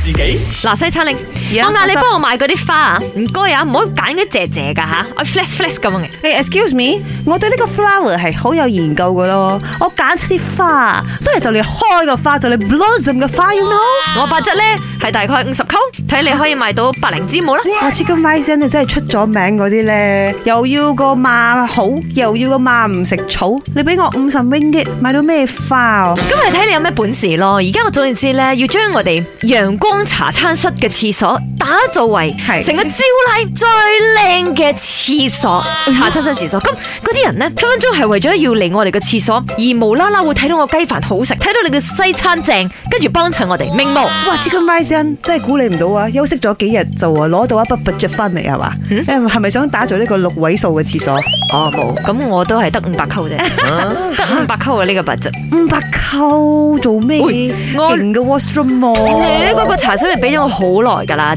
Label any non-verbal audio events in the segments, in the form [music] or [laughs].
自己嗱西餐領、啊啊，我嗌你幫我買嗰啲花啊！唔該啊，唔好揀啲謝謝噶吓，我 flash flash 咁嘅。Excuse me，我對呢個 flower 係好有研究噶咯，我揀啲花，都係就你開個花，就你 blossom 嘅花，you know？我八則咧係大概五十 c，睇你可以買到百零支冇啦。我知咁 r i s i n、啊、你真係出咗名嗰啲咧，又要個馬好，又要個馬唔食草，你俾我五十 wing i 買到咩花哦？咁係睇你有咩本事咯。而家我總之知咧，要將我哋。陽光茶餐室嘅廁所。.打造為成個招禮最靚嘅廁所，茶餐廳廁所咁嗰啲人呢，分分鐘係為咗要嚟我哋嘅廁所而無啦啦會睇到我雞飯好食，睇到你嘅西餐正，跟住幫襯我哋，明冇？哇，呢、這個 my son 真係估你唔到啊！休息咗幾日就攞到一筆 budget 翻嚟係嘛？你係咪想打造呢個六位數嘅廁所？哦，冇，咁我都係得 [laughs] 五百扣啫，得五百扣啊，呢個 budget 五百扣做咩？勁嘅 washroom，你嗰個茶餐廳俾咗我好耐噶啦。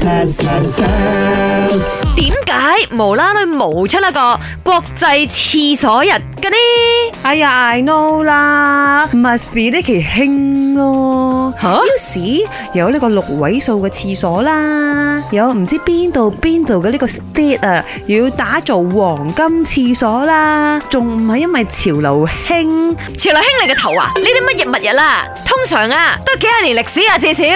點解無啦啦冒出一個國際廁所日？嗰啲，哎呀，I know 啦，must be 呢期興咯，U C 有呢個六位數嘅廁所啦，有唔知邊度邊度嘅呢個 state 啊，又要打造黃金廁所啦，仲唔係因為潮流興？潮流興你嘅頭啊！呢啲乜嘢物嘢啦，通常啊都幾廿年歷史啊至少，幾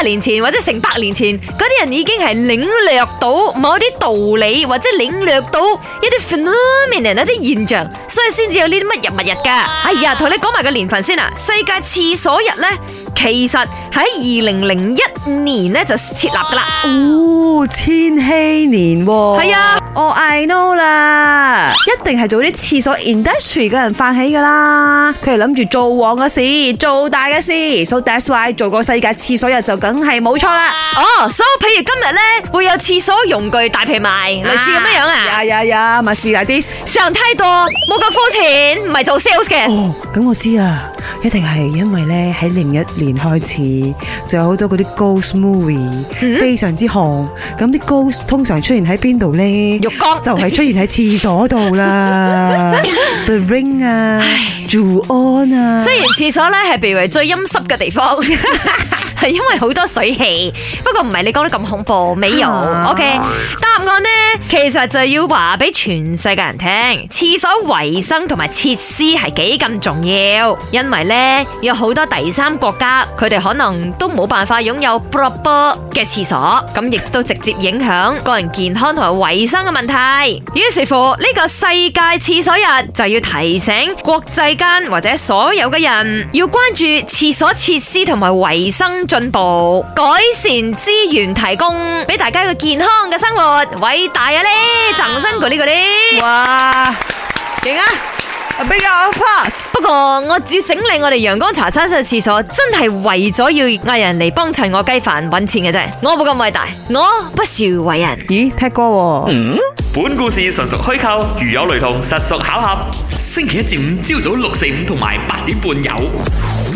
廿年前或者成百年前，嗰啲人已經係領略到某啲道理，或者領略到一啲 phenomenon 一啲現象，所以，先至有呢啲乜人物日噶，哎呀，同你講埋個年份先啊。世界廁所日咧，其實係喺二零零一年咧就設立噶啦。哦，千禧年喎、哦，係啊、哎呀，哦、oh, I know 啦。一定係做啲廁所 industry 嘅人發起噶啦，佢係諗住做旺嘅事，做大嘅事，so that's why 做個世界廁所日就梗係冇錯啦。哦，s、oh, o、so, 譬如今日呢，會有廁所用具大平賣，ah. 類似咁樣啊？呀呀呀，咪事大啲，人梯多，冇咁膚淺，唔係做 sales 嘅。哦，咁我知啊。一定係因為咧喺零一年開始，就有好多嗰啲 ghost movie、嗯、非常之紅。咁啲 ghost 通常出現喺邊度咧？浴缸就係出現喺廁所度啦。 [laughs] The Ring 啊唉，Ju-on 啊，雖然廁所咧係被譽為最陰濕嘅地方。 [laughs] 係因為好多水氣，不過唔係你講得咁恐怖，美容 OK 答案呢其實就要話俾全世界人聽，廁所衛生同埋設施係幾咁重要，因為呢，有好多第三國家，佢哋可能都冇辦法擁有 proper 嘅廁所，咁亦都直接影響個人健康同埋衛生嘅問題。於是乎，呢個世界廁所日就要提醒國際間或者所有嘅人，要關注廁所設施同埋衛生。進步改善資源提供俾大家一個健康嘅生活，偉大啊咧！掌聲過呢個咧！哇，勁啊！A big applause。不過我只整理我哋陽光茶餐廳嘅廁所，真係為咗要嗌人嚟幫襯我雞飯揾錢嘅啫。我冇咁偉大，我不屑為人。咦？踢過、啊？嗯。本故事純屬虛構，如有雷同，實屬巧合。星期一至五朝早六四五同埋八點半有。